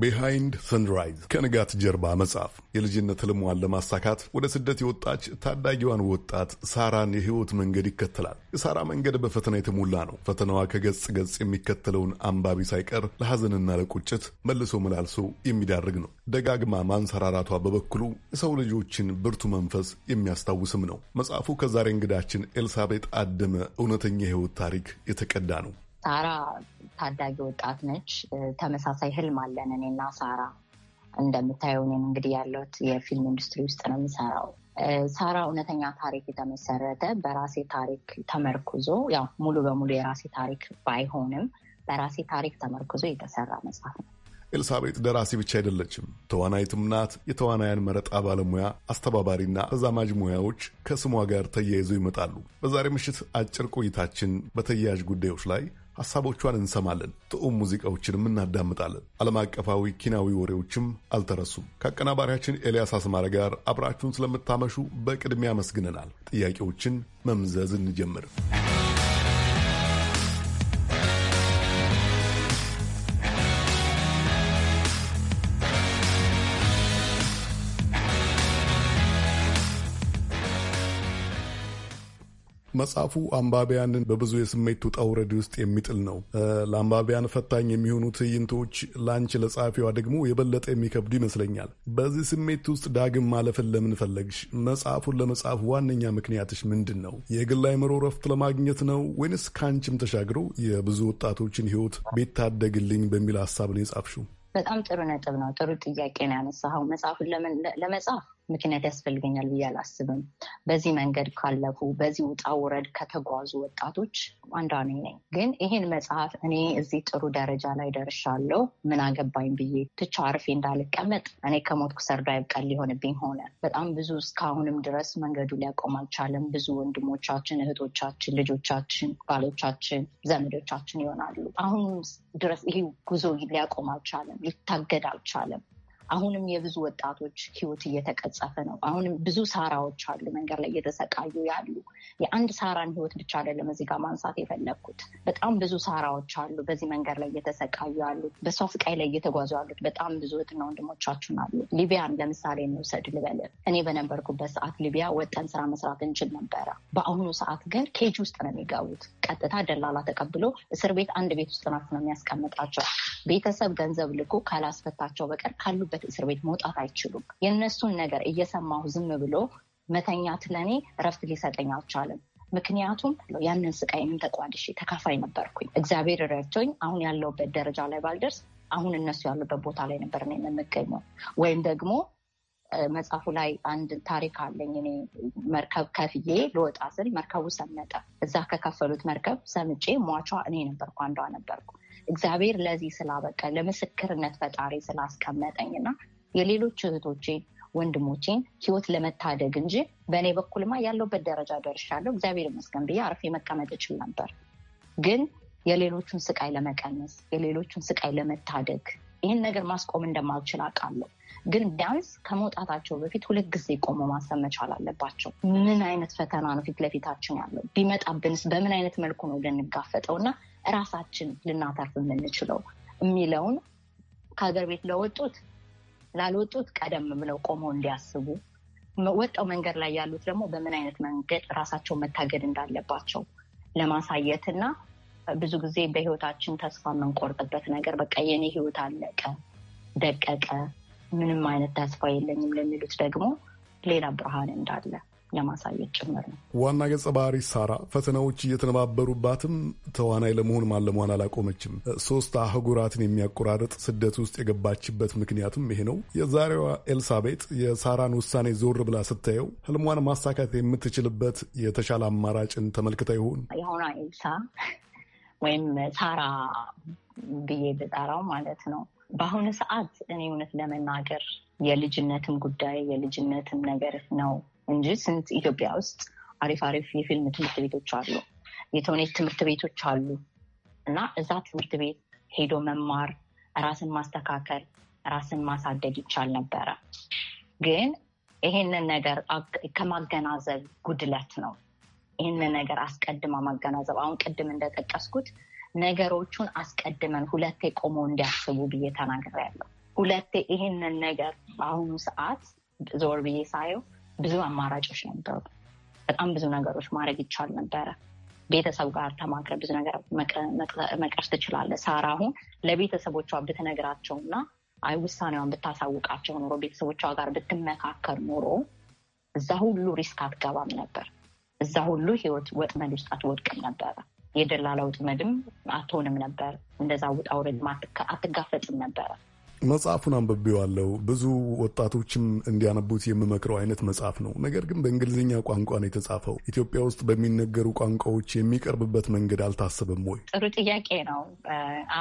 ቢሃይንድ ሰንራይዝ ከንጋት ጀርባ መጽሐፍ የልጅነት ህልሟን ለማሳካት ወደ ስደት የወጣች ታዳጊዋን ወጣት ሳራን የህይወት መንገድ ይከተላል። የሳራ መንገድ በፈተና የተሞላ ነው። ፈተናዋ ከገጽ ገጽ የሚከተለውን አንባቢ ሳይቀር ለሐዘንና ለቁጭት መልሶ መላልሶ የሚዳርግ ነው። ደጋግማ ማንሰራራቷ በበኩሉ የሰው ልጆችን ብርቱ መንፈስ የሚያስታውስም ነው። መጽሐፉ ከዛሬ እንግዳችን ኤልሳቤጥ አደመ እውነተኛ የህይወት ታሪክ የተቀዳ ነው። ሳራ ታዳጊ ወጣት ነች። ተመሳሳይ ህልም አለን እኔና ሳራ። እንደምታየው እኔም እንግዲህ ያለሁት የፊልም ኢንዱስትሪ ውስጥ ነው የሚሰራው። ሳራ እውነተኛ ታሪክ የተመሰረተ በራሴ ታሪክ ተመርኩዞ ያው ሙሉ በሙሉ የራሴ ታሪክ ባይሆንም በራሴ ታሪክ ተመርኩዞ የተሰራ መጽሐፍ ነው። ኤልሳቤጥ ደራሲ ብቻ አይደለችም፣ ተዋናይትም ናት። የተዋናያን መረጣ ባለሙያ፣ አስተባባሪና ተዛማጅ ሙያዎች ከስሟ ጋር ተያይዘው ይመጣሉ። በዛሬ ምሽት አጭር ቆይታችን በተያያዥ ጉዳዮች ላይ ሐሳቦቿን እንሰማለን፣ ጥዑም ሙዚቃዎችንም እናዳምጣለን። ዓለም አቀፋዊ ኪናዊ ወሬዎችም አልተረሱም። ከአቀናባሪያችን ኤልያስ አስማረ ጋር አብራችሁን ስለምታመሹ በቅድሚያ አመስግነናል። ጥያቄዎችን መምዘዝ እንጀምር። መጽሐፉ አንባቢያንን በብዙ የስሜት ውጣ ውረድ ውስጥ የሚጥል ነው። ለአንባቢያን ፈታኝ የሚሆኑ ትዕይንቶች ለአንቺ ለጸሐፊዋ ደግሞ የበለጠ የሚከብዱ ይመስለኛል። በዚህ ስሜት ውስጥ ዳግም ማለፍን ለምን ፈለግሽ? መጽሐፉን ለመጻፍ ዋነኛ ምክንያትሽ ምንድን ነው? የግል አእምሮ ረፍት ለማግኘት ነው ወይንስ ከአንቺም ተሻግሮ የብዙ ወጣቶችን ህይወት ቤታደግልኝ በሚል ሀሳብ ነው የጻፍሽው? በጣም ጥሩ ነጥብ ነው። ጥሩ ጥያቄ ነው ያነሳኸው። መጽሐፉን ለመጻፍ ምክንያት ያስፈልገኛል ብዬ አላስብም። በዚህ መንገድ ካለፉ፣ በዚህ ውጣ ውረድ ከተጓዙ ወጣቶች አንዷ ነኝ ግን ይህን መጽሐፍ እኔ እዚህ ጥሩ ደረጃ ላይ ደርሻለሁ ምን አገባኝ ብዬ ትቻ አርፌ እንዳልቀመጥ እኔ ከሞትኩ ሰርዶ አይብቀል ሊሆንብኝ ሆነ። በጣም ብዙ እስካሁንም ድረስ መንገዱ ሊያቆም አልቻለም። ብዙ ወንድሞቻችን፣ እህቶቻችን፣ ልጆቻችን፣ ባሎቻችን፣ ዘመዶቻችን ይሆናሉ። አሁን ድረስ ይሄ ጉዞ ሊያቆም አልቻለም፣ ሊታገድ አልቻለም። አሁንም የብዙ ወጣቶች ህይወት እየተቀጸፈ ነው። አሁንም ብዙ ሳራዎች አሉ መንገድ ላይ እየተሰቃዩ ያሉ። የአንድ ሳራን ህይወት ብቻ አይደለም እዚህ ጋር ማንሳት የፈለግኩት። በጣም ብዙ ሳራዎች አሉ በዚህ መንገድ ላይ እየተሰቃዩ ያሉት፣ በእሷ ስቃይ ላይ እየተጓዙ ያሉት በጣም ብዙ እህትና ወንድሞቻችን አሉ። ሊቢያን ለምሳሌ እንውሰድ ልበል። እኔ በነበርኩበት ሰዓት ሊቢያ ወጠን ስራ መስራት እንችል ነበረ። በአሁኑ ሰዓት ግን ኬጅ ውስጥ ነው የሚገቡት። ቀጥታ ደላላ ተቀብሎ እስር ቤት አንድ ቤት ውስጥ ናት ነው የሚያስቀምጣቸው። ቤተሰብ ገንዘብ ልኮ ካላስፈታቸው በቀር ካሉበት ካሉበት እስር ቤት መውጣት አይችሉም። የእነሱን ነገር እየሰማሁ ዝም ብሎ መተኛት ለእኔ እረፍት ሊሰጠኝ አልቻለም። ምክንያቱም ያንን ስቃይንም ተቋድሼ ተካፋይ ነበርኩኝ። እግዚአብሔር ረድቶኝ አሁን ያለውበት ደረጃ ላይ ባልደርስ አሁን እነሱ ያሉበት ቦታ ላይ ነበር ነው የምንገኘው። ወይም ደግሞ መጽሐፉ ላይ አንድ ታሪክ አለኝ። እኔ መርከብ ከፍዬ ልወጣ ስል መርከቡ ሰመጠ። እዛ ከከፈሉት መርከብ ሰምጬ ሟቿ እኔ ነበርኩ፣ አንዷ ነበርኩ። እግዚአብሔር ለዚህ ስላበቀ ለምስክርነት ፈጣሪ ስላስቀመጠኝና የሌሎች እህቶቼን ወንድሞቼን ህይወት ለመታደግ እንጂ በእኔ በኩልማ ያለውበት ደረጃ ደርሻለሁ እግዚአብሔር ይመስገን ብዬ አርፌ መቀመጥ እችል ነበር። ግን የሌሎቹን ስቃይ ለመቀነስ የሌሎቹን ስቃይ ለመታደግ ይህን ነገር ማስቆም እንደማልችል አውቃለሁ። ግን ቢያንስ ከመውጣታቸው በፊት ሁለት ጊዜ ቆሞ ማሰብ መቻል አለባቸው። ምን አይነት ፈተና ነው ፊት ለፊታችን ያለው? ቢመጣብንስ በምን አይነት መልኩ ነው ልንጋፈጠው እና ራሳችን ልናተርፍ የምንችለው የሚለውን ከሀገር ቤት ለወጡት ላልወጡት ቀደም ብለው ቆመው እንዲያስቡ ወጣው መንገድ ላይ ያሉት ደግሞ በምን አይነት መንገድ ራሳቸውን መታገድ እንዳለባቸው ለማሳየት እና ብዙ ጊዜ በህይወታችን ተስፋ የምንቆርጥበት ነገር በቃ የኔ ህይወት አለቀ፣ ደቀቀ፣ ምንም አይነት ተስፋ የለኝም ለሚሉት ደግሞ ሌላ ብርሃን እንዳለ የማሳየት ጭምር ነው። ዋና ገጸ ባህሪ ሳራ ፈተናዎች እየተነባበሩባትም ተዋናይ ለመሆን ማለሟን አላቆመችም። ሶስት አህጉራትን የሚያቆራርጥ ስደት ውስጥ የገባችበት ምክንያትም ይሄ ነው። የዛሬዋ ኤልሳቤጥ የሳራን ውሳኔ ዞር ብላ ስታየው ህልሟን ማሳካት የምትችልበት የተሻለ አማራጭን ተመልክታ ይሆን? የሆና ኤልሳ ወይም ሳራ ብዬ ብጠራው ማለት ነው። በአሁኑ ሰዓት እኔ እውነት ለመናገር የልጅነትም ጉዳይ የልጅነትም ነገር ነው እንጂ ስንት ኢትዮጵያ ውስጥ አሪፍ አሪፍ የፊልም ትምህርት ቤቶች አሉ፣ የተውኔት ትምህርት ቤቶች አሉ። እና እዛ ትምህርት ቤት ሄዶ መማር፣ ራስን ማስተካከል፣ ራስን ማሳደግ ይቻል ነበረ። ግን ይሄንን ነገር ከማገናዘብ ጉድለት ነው። ይህንን ነገር አስቀድማ ማገናዘብ አሁን ቅድም እንደጠቀስኩት ነገሮቹን አስቀድመን ሁለቴ ቆመው እንዲያስቡ ብዬ ተናግሬያለሁ። ሁለቴ ይህንን ነገር በአሁኑ ሰዓት ዞር ብዬ ሳየው ብዙ አማራጮች ነበሩ። በጣም ብዙ ነገሮች ማድረግ ይቻል ነበረ። ቤተሰብ ጋር ተማክረ ብዙ ነገር መቅረፍ ትችላለ። ሳራ አሁን ለቤተሰቦቿ ብትነግራቸውና አይ ውሳኔዋን ብታሳውቃቸው ኖሮ ቤተሰቦቿ ጋር ብትመካከር ኖሮ እዛ ሁሉ ሪስክ አትገባም ነበር። እዛ ሁሉ ህይወት ወጥመድ ውስጥ አትወድቅም ነበረ። የደላላ ውጥመድም አትሆንም ነበር። እንደዛ ውጣ ውረድ አትጋፈጥም ነበረ። መጽሐፉን አንብቤዋለሁ። ብዙ ወጣቶችም እንዲያነቡት የምመክረው አይነት መጽሐፍ ነው። ነገር ግን በእንግሊዝኛ ቋንቋ ነው የተጻፈው። ኢትዮጵያ ውስጥ በሚነገሩ ቋንቋዎች የሚቀርብበት መንገድ አልታሰበም ወይ? ጥሩ ጥያቄ ነው።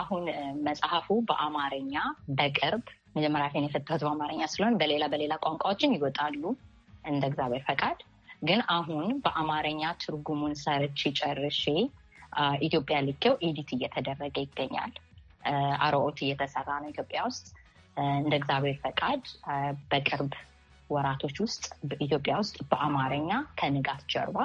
አሁን መጽሐፉ በአማርኛ በቅርብ መጀመሪያ ፊን የሰጠሁት በአማርኛ ስለሆን በሌላ በሌላ ቋንቋዎችን ይወጣሉ እንደ እግዚአብሔር ፈቃድ። ግን አሁን በአማርኛ ትርጉሙን ሰርቼ ጨርሼ ኢትዮጵያ ልኬው ኤዲት እየተደረገ ይገኛል። አርኦቲ እየተሰራ ነው ኢትዮጵያ ውስጥ። እንደ እግዚአብሔር ፈቃድ በቅርብ ወራቶች ውስጥ ኢትዮጵያ ውስጥ በአማርኛ ከንጋት ጀርባ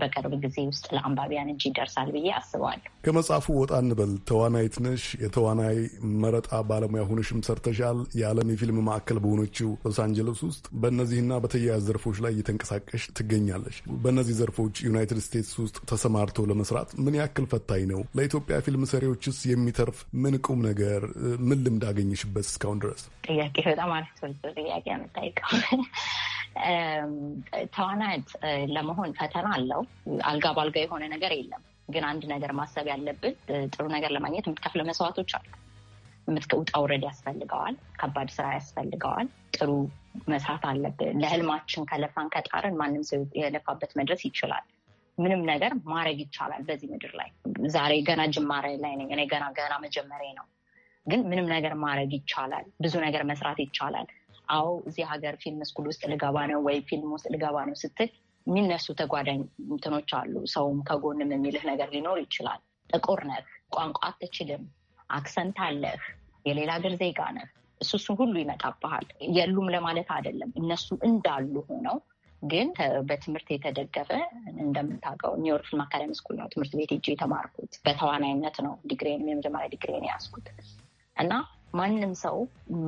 በቅርብ ጊዜ ውስጥ ለአንባቢያን እጅ ይደርሳል ብዬ አስበዋለሁ። ከመጽሐፉ ወጣ እንበል። ተዋናይት ነሽ፣ የተዋናይ መረጣ ባለሙያ ሆነሽም ሰርተሻል። የዓለም የፊልም ማዕከል በሆነችው ሎስ አንጀለስ ውስጥ በእነዚህና በተያያዝ ዘርፎች ላይ እየተንቀሳቀሽ ትገኛለሽ። በእነዚህ ዘርፎች ዩናይትድ ስቴትስ ውስጥ ተሰማርቶ ለመስራት ምን ያክል ፈታኝ ነው? ለኢትዮጵያ ፊልም ሰሪዎችስ የሚተርፍ ምን ቁም ነገር፣ ምን ልምድ አገኘሽበት እስካሁን ድረስ? ጥያቄ በጣም አሪፍ ጥያቄ ተዋናይት ለመሆን ፈተና አለ ነው። አልጋ በአልጋ የሆነ ነገር የለም። ግን አንድ ነገር ማሰብ ያለብን ጥሩ ነገር ለማግኘት የምትከፍለው መስዋዕቶች አሉ። ውጣ ውረድ ያስፈልገዋል። ከባድ ስራ ያስፈልገዋል። ጥሩ መስራት አለብን። ለህልማችን ከለፋን ከጣርን ማንም ሰው የለፋበት መድረስ ይችላል። ምንም ነገር ማድረግ ይቻላል በዚህ ምድር ላይ። ዛሬ ገና ጅማሬ ላይ ነኝ እኔ ገና ገና መጀመሪያ ነው፣ ግን ምንም ነገር ማድረግ ይቻላል። ብዙ ነገር መስራት ይቻላል። አዎ እዚህ ሀገር ፊልም ስኩል ውስጥ ልገባ ነው ወይ ፊልም ውስጥ ልገባ ነው ስትል የሚነሱ ተጓዳኝ እንትኖች አሉ። ሰውም ከጎንም የሚልህ ነገር ሊኖር ይችላል። ጥቁር ነህ፣ ቋንቋ አትችልም፣ አክሰንት አለህ፣ የሌላ ሀገር ዜጋ ነህ። እሱ እሱ ሁሉ ይመጣብሃል። የሉም ለማለት አይደለም። እነሱ እንዳሉ ሆነው ግን በትምህርት የተደገፈ እንደምታውቀው ኒውዮርክ ፊልም አካዳሚ ስኩል ነው ትምህርት ቤት እጅ የተማርኩት። በተዋናይነት ነው ዲግሬን የመጀመሪያ ዲግሬን የያዝኩት እና ማንም ሰው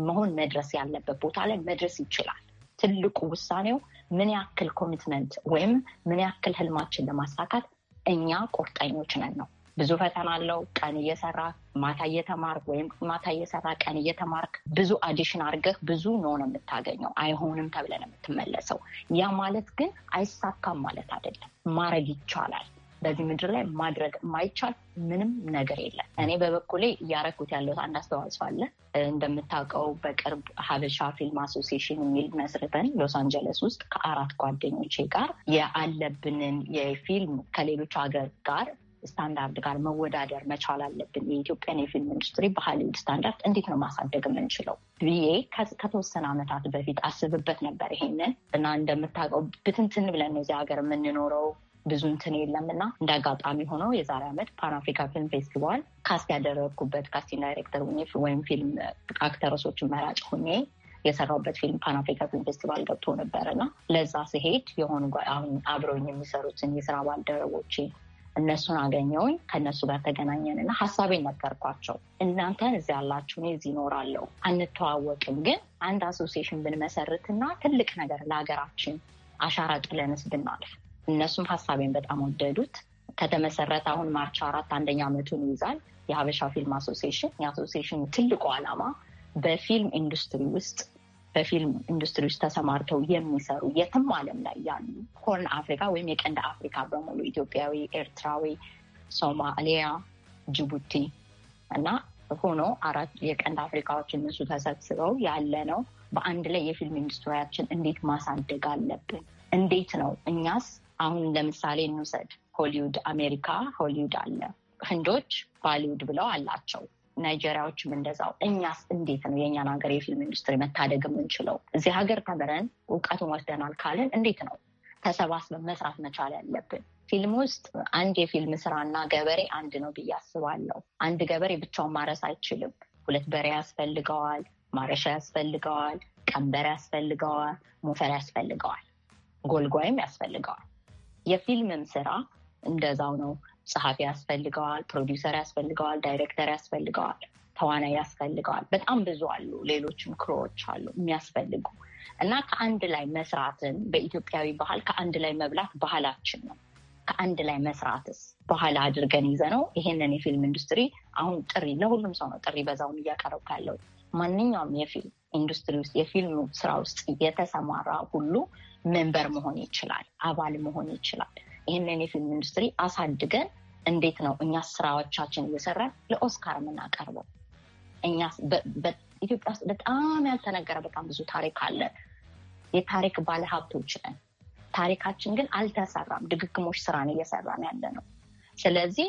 መሆን መድረስ ያለበት ቦታ ላይ መድረስ ይችላል። ትልቁ ውሳኔው ምን ያክል ኮሚትመንት ወይም ምን ያክል ህልማችን ለማሳካት እኛ ቁርጠኞች ነን ነው። ብዙ ፈተና አለው። ቀን እየሰራ ማታ እየተማር ወይም ማታ እየሰራ ቀን እየተማርክ ብዙ አዲሽን አድርገህ ብዙ ነው ነው የምታገኘው። አይሆንም ተብለን የምትመለሰው ያ ማለት ግን አይሳካም ማለት አይደለም። ማድረግ ይቻላል። በዚህ ምድር ላይ ማድረግ የማይቻል ምንም ነገር የለም። እኔ በበኩሌ እያረኩት ያለው አንድ አስተዋጽኦ አለ። እንደምታውቀው በቅርብ ሀበሻ ፊልም አሶሲሽን የሚል መስርተን ሎስ አንጀለስ ውስጥ ከአራት ጓደኞቼ ጋር የአለብንን የፊልም ከሌሎች ሀገር ጋር ስታንዳርድ ጋር መወዳደር መቻል አለብን። የኢትዮጵያን የፊልም ኢንዱስትሪ በሃሊውድ ስታንዳርድ እንዴት ነው ማሳደግ የምንችለው ብዬ ከተወሰነ ዓመታት በፊት አስብበት ነበር ይሄንን እና እንደምታውቀው ብትንትን ብለን ነው እዚህ ሀገር የምንኖረው ብዙ እንትን የለም እና እንደ አጋጣሚ ሆነው የዛሬ ዓመት ፓን አፍሪካ ፊልም ፌስቲቫል ካስት ያደረግኩበት ካስቲንግ ዳይሬክተር ሆኜ ወይም ፊልም አክተረሶችን መራጭ ሆኜ የሰራውበት ፊልም ፓን አፍሪካ ፊልም ፌስቲቫል ገብቶ ነበር እና ለዛ ስሄድ የሆኑ አሁን አብረውኝ የሚሰሩትን የስራ ባልደረቦች እነሱን አገኘውኝ ከእነሱ ጋር ተገናኘን እና ሀሳቤን ነገርኳቸው። እናንተን እዚህ ያላችሁ እኔ እዚህ እኖራለሁ፣ አንተዋወቅም፣ ግን አንድ አሶሲሽን ብንመሰርትና ትልቅ ነገር ለሀገራችን አሻራ ጥለንስ ብናልፍ እነሱም ሀሳቤን በጣም ወደዱት። ከተመሰረተ አሁን ማርች አራት አንደኛ ዓመቱን ይይዛል የሀበሻ ፊልም አሶሲሽን። የአሶሲሽኑ ትልቁ ዓላማ በፊልም ኢንዱስትሪ ውስጥ በፊልም ኢንዱስትሪ ውስጥ ተሰማርተው የሚሰሩ የትም ዓለም ላይ ያሉ ሆርን አፍሪካ ወይም የቀንድ አፍሪካ በሙሉ ኢትዮጵያዊ፣ ኤርትራዊ፣ ሶማሊያ፣ ጅቡቲ እና ሆኖ አራት የቀንድ አፍሪካዎች እነሱ ተሰብስበው ያለ ነው። በአንድ ላይ የፊልም ኢንዱስትሪያችን እንዴት ማሳደግ አለብን? እንዴት ነው እኛስ አሁን ለምሳሌ እንውሰድ። ሆሊውድ አሜሪካ ሆሊውድ አለ። ህንዶች ባሊውድ ብለው አላቸው። ናይጄሪያዎችም እንደዛው። እኛስ እንዴት ነው የእኛን ሀገር የፊልም ኢንዱስትሪ መታደግ የምንችለው? እዚህ ሀገር ተምረን እውቀቱን ወስደናል ካልን እንዴት ነው ተሰባስበን መስራት መቻል ያለብን? ፊልም ውስጥ አንድ የፊልም ስራና ገበሬ አንድ ነው ብዬ አስባለሁ። አንድ ገበሬ ብቻውን ማረስ አይችልም። ሁለት በሬ ያስፈልገዋል፣ ማረሻ ያስፈልገዋል፣ ቀንበር ያስፈልገዋል፣ ሞፈር ያስፈልገዋል፣ ጎልጓይም ያስፈልገዋል። የፊልምም ስራ እንደዛው ነው። ጸሐፊ ያስፈልገዋል፣ ፕሮዲውሰር ያስፈልገዋል፣ ዳይሬክተር ያስፈልገዋል፣ ተዋናይ ያስፈልገዋል። በጣም ብዙ አሉ። ሌሎችም ክሮዎች አሉ የሚያስፈልጉ እና ከአንድ ላይ መስራትን በኢትዮጵያዊ ባህል ከአንድ ላይ መብላት ባህላችን ነው። ከአንድ ላይ መስራትስ ባህል አድርገን ይዘ ነው ይሄንን የፊልም ኢንዱስትሪ አሁን ጥሪ ለሁሉም ሰው ነው ጥሪ በዛውን እያቀረብ ካለው ማንኛውም የፊልም ኢንዱስትሪ ውስጥ የፊልም ስራ ውስጥ የተሰማራ ሁሉ መንበር መሆን ይችላል፣ አባል መሆን ይችላል። ይህንን የፊልም ኢንዱስትሪ አሳድገን እንዴት ነው እኛ ስራዎቻችን እየሰራን ለኦስካር የምናቀርበው? እኛ ኢትዮጵያ ውስጥ በጣም ያልተነገረ በጣም ብዙ ታሪክ አለ። የታሪክ ባለሀብቶች ነን። ታሪካችን ግን አልተሰራም። ድግግሞች ስራን እየሰራን ያለ ነው። ስለዚህ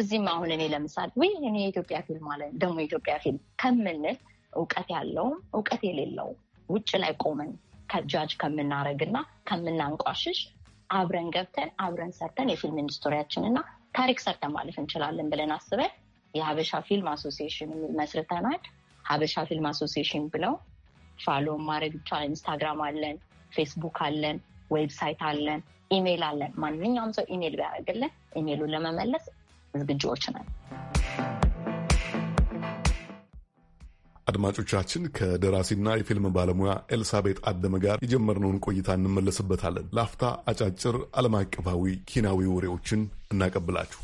እዚህም አሁን እኔ ለምሳሌ ወይ እኔ የኢትዮጵያ ፊልም አለ ደግሞ የኢትዮጵያ ፊልም ከምንል እውቀት ያለውም እውቀት የሌለውም ውጭ ላይ ቆመን ከጃጅ ከምናረግና ከምናንቋሽሽ አብረን ገብተን አብረን ሰርተን የፊልም ኢንዱስትሪያችን እና ታሪክ ሰርተን ማለፍ እንችላለን ብለን አስበን የሀበሻ ፊልም አሶሲሽን መስርተናል። ሀበሻ ፊልም አሶሲሽን ብለው ፋሎ ማድረግ ይቻላል። ኢንስታግራም አለን፣ ፌስቡክ አለን፣ ዌብሳይት አለን፣ ኢሜይል አለን። ማንኛውም ሰው ኢሜይል ቢያደርግልን ኢሜይሉን ለመመለስ ዝግጅዎች ነን። አድማጮቻችን ከደራሲና የፊልም ባለሙያ ኤልሳቤጥ አደመ ጋር የጀመርነውን ቆይታ እንመለስበታለን። ላፍታ አጫጭር ዓለም አቀፋዊ ኪናዊ ወሬዎችን እናቀብላችሁ።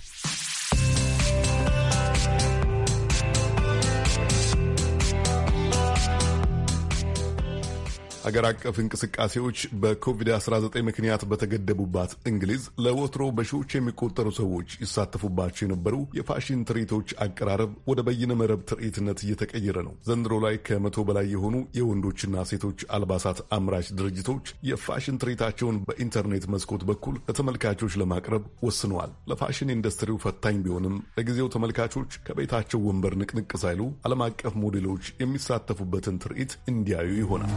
አገር አቀፍ እንቅስቃሴዎች በኮቪድ-19 ምክንያት በተገደቡባት እንግሊዝ ለወትሮ በሺዎች የሚቆጠሩ ሰዎች ይሳተፉባቸው የነበሩ የፋሽን ትርኢቶች አቀራረብ ወደ በይነ መረብ ትርኢትነት እየተቀየረ ነው። ዘንድሮ ላይ ከመቶ በላይ የሆኑ የወንዶችና ሴቶች አልባሳት አምራች ድርጅቶች የፋሽን ትርኢታቸውን በኢንተርኔት መስኮት በኩል ለተመልካቾች ለማቅረብ ወስነዋል። ለፋሽን ኢንዱስትሪው ፈታኝ ቢሆንም ለጊዜው ተመልካቾች ከቤታቸው ወንበር ንቅንቅ ሳይሉ ዓለም አቀፍ ሞዴሎች የሚሳተፉበትን ትርኢት እንዲያዩ ይሆናል።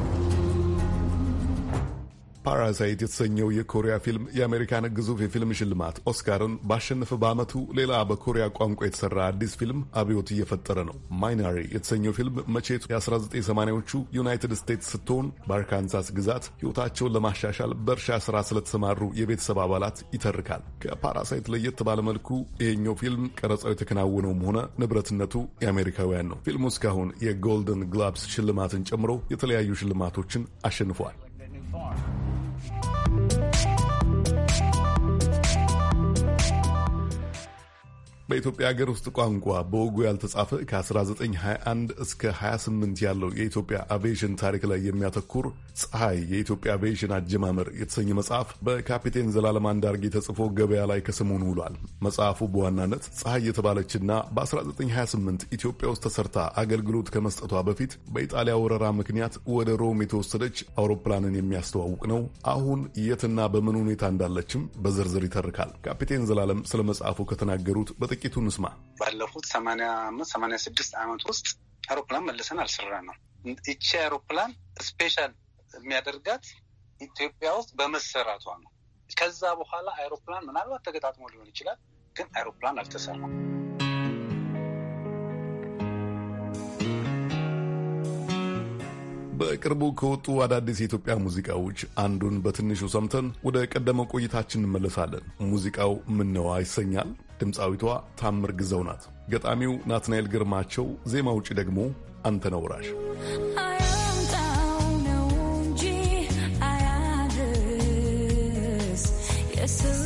ፓራሳይት የተሰኘው የኮሪያ ፊልም የአሜሪካን ግዙፍ የፊልም ሽልማት ኦስካርን ባሸነፈ በዓመቱ ሌላ በኮሪያ ቋንቋ የተሰራ አዲስ ፊልም አብዮት እየፈጠረ ነው። ማይናሪ የተሰኘው ፊልም መቼቱ የ1980ዎቹ ዩናይትድ ስቴትስ ስትሆን በአርካንሳስ ግዛት ሕይወታቸውን ለማሻሻል በእርሻ ሥራ ስለተሰማሩ የቤተሰብ አባላት ይተርካል። ከፓራሳይት ለየት ባለ መልኩ ይሄኛው ፊልም ቀረጻው የተከናወነውም ሆነ ንብረትነቱ የአሜሪካውያን ነው። ፊልሙ እስካሁን የጎልደን ግላብስ ሽልማትን ጨምሮ የተለያዩ ሽልማቶችን አሸንፏል። በኢትዮጵያ ሀገር ውስጥ ቋንቋ በወጉ ያልተጻፈ ከ1921 እስከ 28 ያለው የኢትዮጵያ አቪዬሽን ታሪክ ላይ የሚያተኩር ፀሐይ የኢትዮጵያ አቪዬሽን አጀማመር የተሰኘ መጽሐፍ በካፒቴን ዘላለም አንዳርጌ ተጽፎ ገበያ ላይ ከሰሞኑ ውሏል። መጽሐፉ በዋናነት ፀሐይ የተባለችና በ1928 ኢትዮጵያ ውስጥ ተሰርታ አገልግሎት ከመስጠቷ በፊት በኢጣሊያ ወረራ ምክንያት ወደ ሮም የተወሰደች አውሮፕላንን የሚያስተዋውቅ ነው። አሁን የትና በምን ሁኔታ እንዳለችም በዝርዝር ይተርካል። ካፒቴን ዘላለም ስለ መጽሐፉ ከተናገሩት በጥቂት ጥቂቱን ስማ። ባለፉት ሰማንያ አምስት ሰማንያ ስድስት ዓመት ውስጥ አውሮፕላን መልሰን አልሰራ ነው። ይቺ አውሮፕላን ስፔሻል የሚያደርጋት ኢትዮጵያ ውስጥ በመሰራቷ ነው። ከዛ በኋላ አይሮፕላን ምናልባት ተገጣጥሞ ሊሆን ይችላል፣ ግን አይሮፕላን አልተሰራም። በቅርቡ ከወጡ አዳዲስ የኢትዮጵያ ሙዚቃዎች አንዱን በትንሹ ሰምተን ወደ ቀደመው ቆይታችን እንመለሳለን። ሙዚቃው ምነዋ ይሰኛል። ድምፃዊቷ ታምር ግዘው ናት። ገጣሚው ናትናኤል ግርማቸው፣ ዜማ ውጪ ደግሞ አንተ ወራሽ This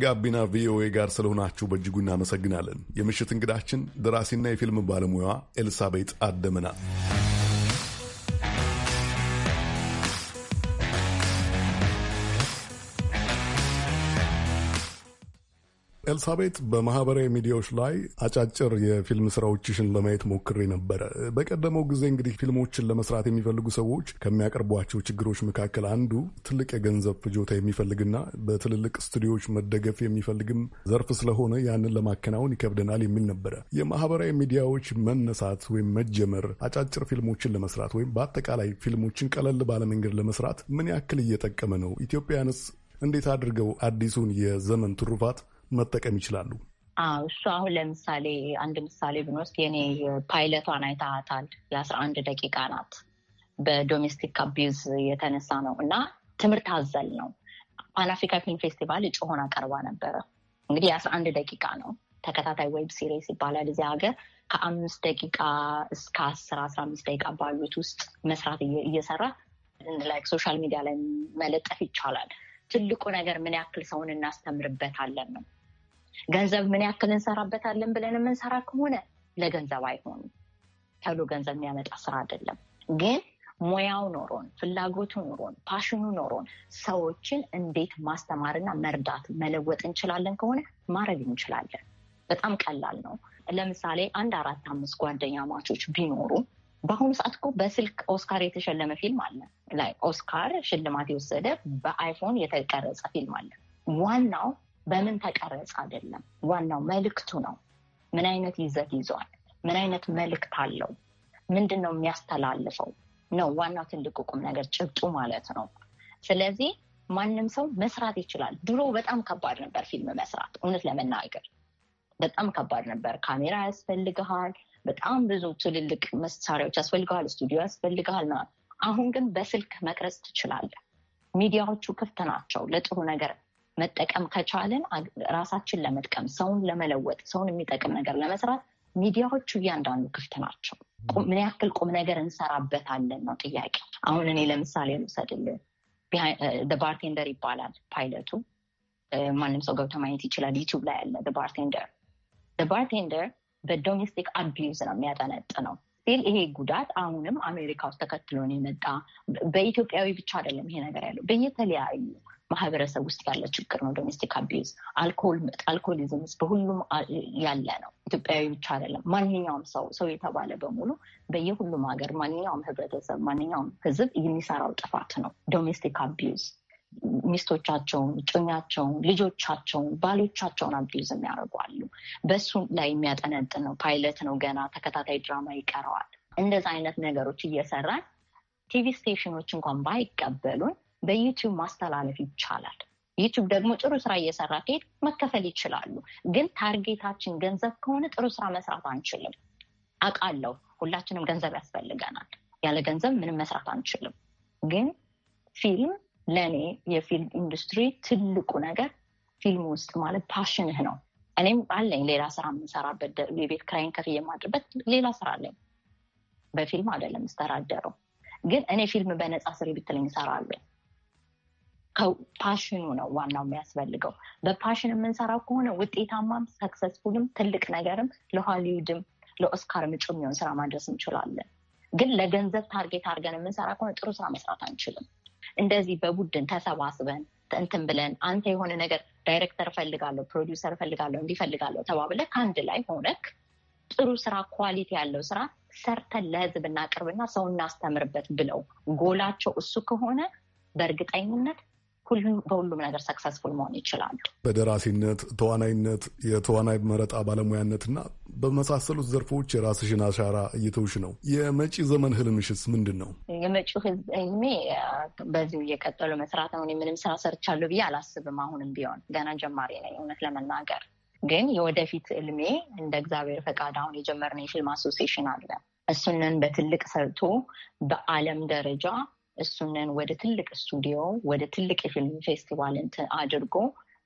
ከጋቢና ቪኦኤ ጋር ስለሆናችሁ በእጅጉ እናመሰግናለን። የምሽት እንግዳችን ደራሲና የፊልም ባለሙያዋ ኤልሳቤጥ አደመናል። ኤልሳቤት በማህበራዊ ሚዲያዎች ላይ አጫጭር የፊልም ስራዎችሽን ለማየት ሞክሬ ነበረ። በቀደመው ጊዜ እንግዲህ ፊልሞችን ለመስራት የሚፈልጉ ሰዎች ከሚያቀርቧቸው ችግሮች መካከል አንዱ ትልቅ የገንዘብ ፍጆታ የሚፈልግና በትልልቅ ስቱዲዮዎች መደገፍ የሚፈልግም ዘርፍ ስለሆነ ያንን ለማከናወን ይከብደናል የሚል ነበረ። የማህበራዊ ሚዲያዎች መነሳት ወይም መጀመር አጫጭር ፊልሞችን ለመስራት ወይም በአጠቃላይ ፊልሞችን ቀለል ባለመንገድ ለመስራት ምን ያክል እየጠቀመ ነው? ኢትዮጵያንስ እንዴት አድርገው አዲሱን የዘመን ትሩፋት መጠቀም ይችላሉ? እሱ አሁን ለምሳሌ አንድ ምሳሌ ብንወስድ የኔ ፓይለቷን አይታታል። የአስራ አንድ ደቂቃ ናት። በዶሜስቲክ አቢዩዝ የተነሳ ነው እና ትምህርት አዘል ነው። ፓን አፍሪካ ፊልም ፌስቲቫል እጩ ሆና ቀርባ ነበረ። እንግዲህ የአስራ አንድ ደቂቃ ነው ተከታታይ ዌብ ሲሪስ ይባላል እዚህ ሀገር ከአምስት ደቂቃ እስከ አስር አስራ አምስት ደቂቃ ባሉት ውስጥ መስራት እየሰራ ላይክ ሶሻል ሚዲያ ላይ መለጠፍ ይቻላል። ትልቁ ነገር ምን ያክል ሰውን እናስተምርበታለን ነው ገንዘብ ምን ያክል እንሰራበታለን ብለን የምንሰራ ከሆነ ለገንዘብ አይሆንም። ተብሎ ገንዘብ የሚያመጣ ስራ አይደለም። ግን ሙያው ኖሮን ፍላጎቱ ኖሮን ፓሽኑ ኖሮን ሰዎችን እንዴት ማስተማርና መርዳት መለወጥ እንችላለን ከሆነ ማድረግ እንችላለን። በጣም ቀላል ነው። ለምሳሌ አንድ አራት አምስት ጓደኛ ማቾች ቢኖሩ በአሁኑ ሰዓት እኮ በስልክ ኦስካር የተሸለመ ፊልም አለ። ላይ ኦስካር ሽልማት የወሰደ በአይፎን የተቀረጸ ፊልም አለ። ዋናው በምን ተቀረጽ አይደለም ዋናው መልእክቱ ነው። ምን አይነት ይዘት ይዟል? ምን አይነት መልእክት አለው? ምንድን ነው የሚያስተላልፈው ነው ዋናው ትልቁ ቁም ነገር ጭብጡ ማለት ነው። ስለዚህ ማንም ሰው መስራት ይችላል። ድሮ በጣም ከባድ ነበር ፊልም መስራት፣ እውነት ለመናገር በጣም ከባድ ነበር። ካሜራ ያስፈልግሃል፣ በጣም ብዙ ትልልቅ መሳሪያዎች ያስፈልግሃል፣ ስቱዲዮ ያስፈልግሃል። አሁን ግን በስልክ መቅረጽ ትችላለህ። ሚዲያዎቹ ክፍት ናቸው ለጥሩ ነገር መጠቀም ከቻልን ራሳችን ለመጥቀም ሰውን ለመለወጥ ሰውን የሚጠቅም ነገር ለመስራት ሚዲያዎቹ እያንዳንዱ ክፍት ናቸው። ምን ያክል ቁም ነገር እንሰራበታለን ነው ጥያቄ። አሁን እኔ ለምሳሌ ልውሰድልህ፣ ባርቴንደር ይባላል ፓይለቱ። ማንም ሰው ገብተ ማየት ይችላል። ዩቲዩብ ላይ ያለ ባርቴንደር። ባርቴንደር በዶሜስቲክ አቢዩዝ ነው ነው ሲል ይሄ ጉዳት አሁንም አሜሪካ ውስጥ ተከትሎን የመጣ በኢትዮጵያዊ ብቻ አይደለም ይሄ ነገር ያለው በየተለያዩ ማህበረሰብ ውስጥ ያለ ችግር ነው። ዶሜስቲክ አቢዩዝ ውስጥ በሁሉም ያለ ነው። ኢትዮጵያዊ ብቻ አይደለም። ማንኛውም ሰው ሰው የተባለ በሙሉ በየሁሉም ሀገር፣ ማንኛውም ህብረተሰብ፣ ማንኛውም ህዝብ የሚሰራው ጥፋት ነው ዶሜስቲክ አቢዩዝ ሚስቶቻቸውን፣ እጮኛቸውን፣ ልጆቻቸውን፣ ባሎቻቸውን አቢዩዝ የሚያደርጉ አሉ። በሱ ላይ የሚያጠነጥን ነው። ፓይለት ነው ገና ተከታታይ ድራማ ይቀረዋል። እንደዛ አይነት ነገሮች እየሰራን ቲቪ ስቴሽኖች እንኳን ባይቀበሉን በዩቲዩብ ማስተላለፍ ይቻላል። ዩቲዩብ ደግሞ ጥሩ ስራ እየሰራ ከሄድ መከፈል ይችላሉ። ግን ታርጌታችን ገንዘብ ከሆነ ጥሩ ስራ መስራት አንችልም። አውቃለሁ፣ ሁላችንም ገንዘብ ያስፈልገናል። ያለ ገንዘብ ምንም መስራት አንችልም። ግን ፊልም ለእኔ የፊልም ኢንዱስትሪ ትልቁ ነገር ፊልም ውስጥ ማለት ፓሽንህ ነው። እኔም አለኝ ሌላ ስራ የምንሰራበት የቤት ክራይን ከፍዬ የማድርበት ሌላ ስራ አለኝ። በፊልም አይደለም ስተዳደረው ግን እኔ ፊልም በነፃ ስሪ ብትለኝ እሰራለሁ። ፓሽኑ ነው ዋናው የሚያስፈልገው። በፓሽን የምንሰራው ከሆነ ውጤታማም፣ ሰክሰስፉልም፣ ትልቅ ነገርም ለሆሊውድም ለኦስካር ምጩ የሚሆን ስራ ማድረስ እንችላለን። ግን ለገንዘብ ታርጌት አድርገን የምንሰራ ከሆነ ጥሩ ስራ መስራት አንችልም። እንደዚህ በቡድን ተሰባስበን እንትን ብለን አንተ የሆነ ነገር ዳይሬክተር እፈልጋለሁ፣ ፕሮዲውሰር እፈልጋለሁ፣ እንዲፈልጋለሁ ተባብለ ከአንድ ላይ ሆነክ ጥሩ ስራ ኳሊቲ ያለው ስራ ሰርተን ለህዝብ እናቅርብና ሰው እናስተምርበት ብለው ጎላቸው እሱ ከሆነ በእርግጠኝነት በሁሉም ነገር ሰክሰስፉል መሆን ይችላሉ። በደራሲነት፣ ተዋናይነት፣ የተዋናይ መረጣ ባለሙያነትና በመሳሰሉት ዘርፎች የራስሽን አሻራ እየተውሽ ነው። የመጪ ዘመን ህልምሽስ ምንድን ነው? የመጪው ህልሜ በዚሁ እየቀጠሉ መስራት ነው። ምንም ስራ ሰርቻለሁ ብዬ አላስብም። አሁንም ቢሆን ገና ጀማሪ ነኝ እውነት ለመናገር ግን የወደፊት እልሜ እንደ እግዚአብሔር ፈቃድ አሁን የጀመርነው የፊልም አሶሴሽን አለ። እሱንን በትልቅ ሰርቶ በዓለም ደረጃ እሱንን ወደ ትልቅ ስቱዲዮ ወደ ትልቅ የፊልም ፌስቲቫል አድርጎ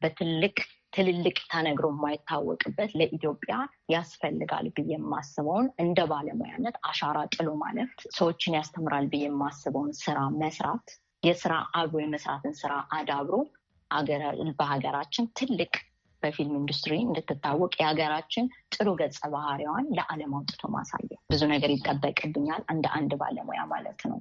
በትልቅ ትልልቅ ተነግሮ የማይታወቅበት ለኢትዮጵያ ያስፈልጋል ብዬ የማስበውን እንደ ባለሙያነት አሻራ ጥሎ ማለት ሰዎችን ያስተምራል ብዬ የማስበውን ስራ መስራት የስራ አብሮ የመስራትን ስራ አዳብሮ በሀገራችን ትልቅ በፊልም ኢንዱስትሪ እንድትታወቅ የሀገራችን ጥሩ ገጸ ባህሪዋን ለዓለም አውጥቶ ማሳየ ብዙ ነገር ይጠበቅብኛል እንደ አንድ ባለሙያ ማለት ነው።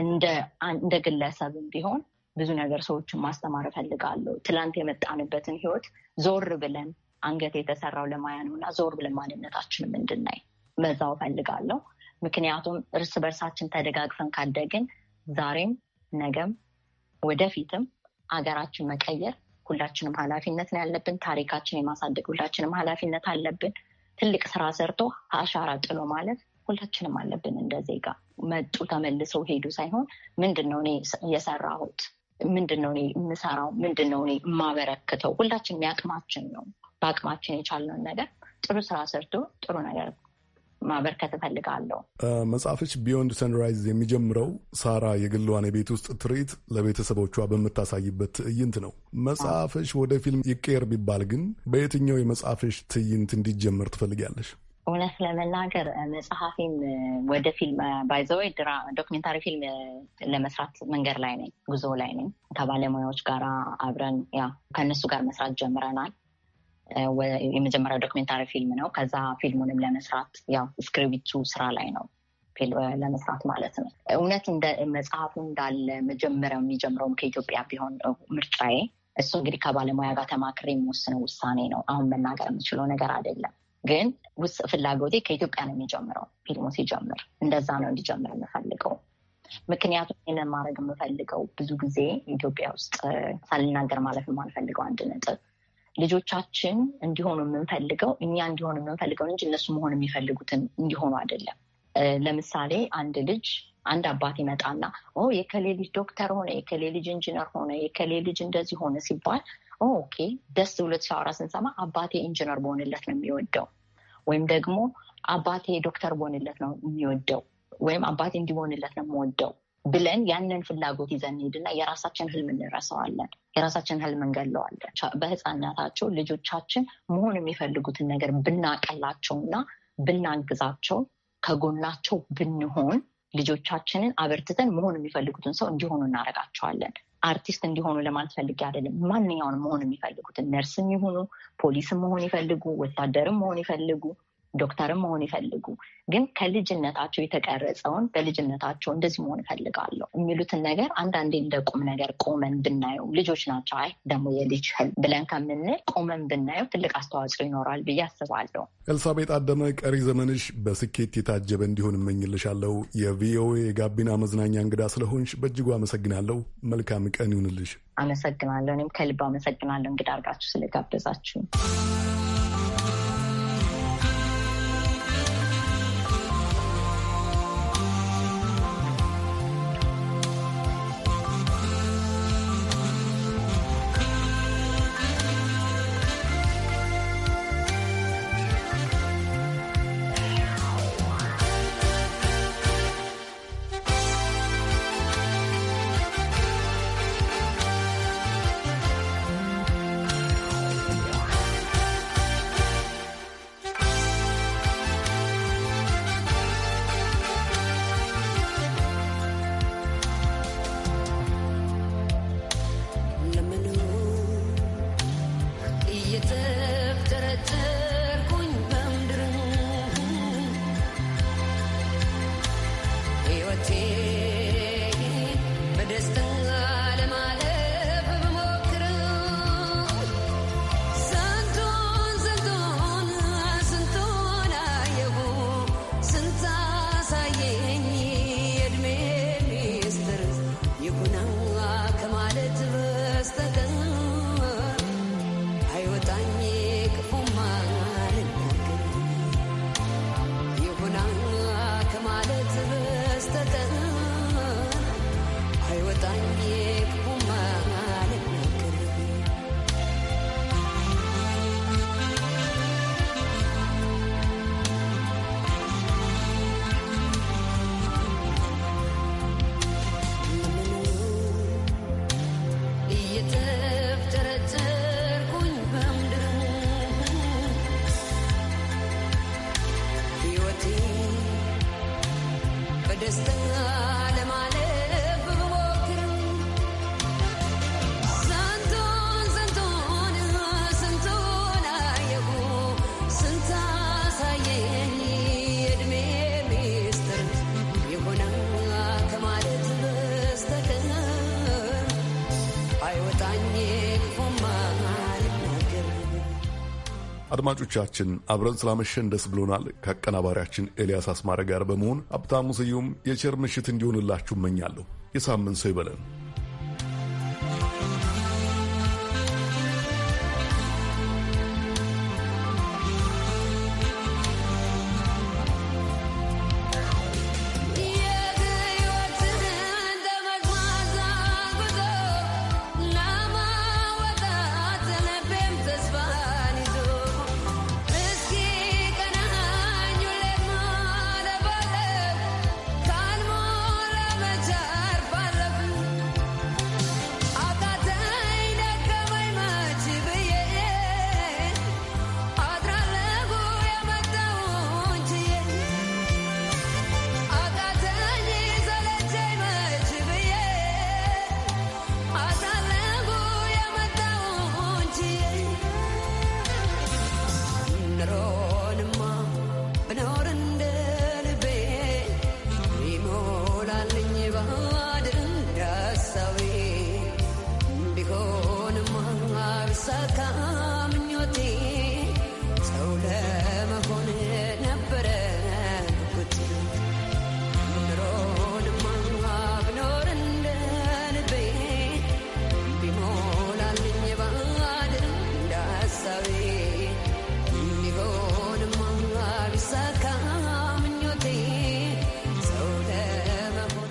እንደ ግለሰብም ቢሆን ብዙ ነገር ሰዎችን ማስተማር እፈልጋለሁ። ትላንት የመጣንበትን ህይወት ዞር ብለን አንገት የተሰራው ለማያ ነው እና ዞር ብለን ማንነታችንም እንድናይ መዛው እፈልጋለሁ። ምክንያቱም እርስ በርሳችን ተደጋግፈን ካደግን ዛሬም፣ ነገም፣ ወደፊትም አገራችን መቀየር ሁላችንም ኃላፊነት ነው ያለብን። ታሪካችን የማሳደግ ሁላችንም ኃላፊነት አለብን። ትልቅ ስራ ሰርቶ አሻራ ጥሎ ማለት ሁላችንም አለብን እንደ ዜጋ። መጡ ተመልሰው ሄዱ ሳይሆን ምንድን ነው እኔ የሰራሁት ምንድን ነው እኔ የምሰራው ምንድን ነው እኔ የማበረክተው ሁላችን የሚያቅማችን ነው በአቅማችን የቻልነውን ነገር ጥሩ ስራ ሰርቶ ጥሩ ነገር ማበርከት እፈልጋለሁ። መጽሐፍች ቢዮንድ ሰንራይዝ የሚጀምረው ሳራ የግሏን የቤት ውስጥ ትርኢት ለቤተሰቦቿ በምታሳይበት ትዕይንት ነው። መጽሐፍሽ ወደ ፊልም ይቀየር ቢባል ግን በየትኛው የመጽሐፍሽ ትዕይንት እንዲጀምር ትፈልጊያለሽ? እውነት ለመናገር መጽሐፊም ወደ ፊልም ባይዘወይ ድራ ዶክሜንታሪ ፊልም ለመስራት መንገድ ላይ ነኝ፣ ጉዞ ላይ ነኝ። ከባለሙያዎች ጋር አብረን ያ ከእነሱ ጋር መስራት ጀምረናል። የመጀመሪያው ዶክሜንታሪ ፊልም ነው። ከዛ ፊልሙንም ለመስራት ያው እስክሪብቱ ስራ ላይ ነው ለመስራት ማለት ነው። እውነት መጽሐፉ እንዳለ መጀመሪያው የሚጀምረውም ከኢትዮጵያ ቢሆን ምርጫዬ እሱ እንግዲህ ከባለሙያ ጋር ተማክሬ የሚወስነው ውሳኔ ነው። አሁን መናገር የምችለው ነገር አይደለም። ግን ውስጥ ፍላጎቴ ከኢትዮጵያ ነው የሚጀምረው። ፊልሙ ሲጀምር እንደዛ ነው እንዲጀምር የምፈልገው። ምክንያቱም ይህንን ማድረግ የምፈልገው ብዙ ጊዜ ኢትዮጵያ ውስጥ ሳልናገር ማለፍ የማንፈልገው አንድ ነጥብ ልጆቻችን እንዲሆኑ የምንፈልገው እኛ እንዲሆኑ የምንፈልገው እንጂ እነሱ መሆን የሚፈልጉትን እንዲሆኑ አይደለም። ለምሳሌ አንድ ልጅ አንድ አባት ይመጣና የከሌ ልጅ ዶክተር ሆነ፣ የከሌ ልጅ ኢንጂነር ሆነ፣ የከሌ ልጅ እንደዚህ ሆነ ሲባል ኦኬ ደስ ብሎት ሲያወራ ስንሰማ አባቴ ኢንጂነር በሆንለት ነው የሚወደው ወይም ደግሞ አባቴ ዶክተር በሆንለት ነው የሚወደው ወይም አባቴ እንዲሆንለት ነው የምወደው ብለን ያንን ፍላጎት ይዘን እንሄድና የራሳችን ህልም እንረሰዋለን የራሳችን ህልም እንገለዋለን። በህፃናታቸው ልጆቻችን መሆን የሚፈልጉትን ነገር ብናቀላቸውና ብናግዛቸው ከጎናቸው ብንሆን ልጆቻችንን አበርትተን መሆን የሚፈልጉትን ሰው እንዲሆኑ እናደርጋቸዋለን። አርቲስት እንዲሆኑ ለማለት ፈልጌ አይደለም። ማንኛውንም መሆን የሚፈልጉትን ነርስም ይሁኑ ፖሊስም መሆን ይፈልጉ፣ ወታደርም መሆን ይፈልጉ፣ ዶክተርም መሆን ይፈልጉ ግን ከልጅነታቸው የተቀረጸውን በልጅነታቸው እንደዚህ መሆን ይፈልጋለሁ የሚሉትን ነገር አንዳንዴ እንደ ቁም ነገር ቆመን ብናየው ልጆች ናቸው፣ አይ ደግሞ የልጅ ብለን ከምንል ቆመን ብናየው ትልቅ አስተዋጽኦ ይኖራል ብዬ አስባለሁ። ኤልሳቤጥ አደመ፣ ቀሪ ዘመንሽ በስኬት የታጀበ እንዲሆን እመኝልሻለሁ። የቪኦኤ የጋቢና መዝናኛ እንግዳ ስለሆንሽ በእጅጉ አመሰግናለሁ። መልካም ቀን ይሁንልሽ። አመሰግናለሁ። እኔም ከልብ አመሰግናለሁ እንግዳ አድርጋችሁ ስለጋበዛችሁ። አድማጮቻችን አብረን ስላመሸን ደስ ብሎናል። ከአቀናባሪያችን ኤልያስ አስማረ ጋር በመሆን ሀብታሙ ስዩም የቸር ምሽት እንዲሆንላችሁ እመኛለሁ። የሳምንት ሰው ይበለን።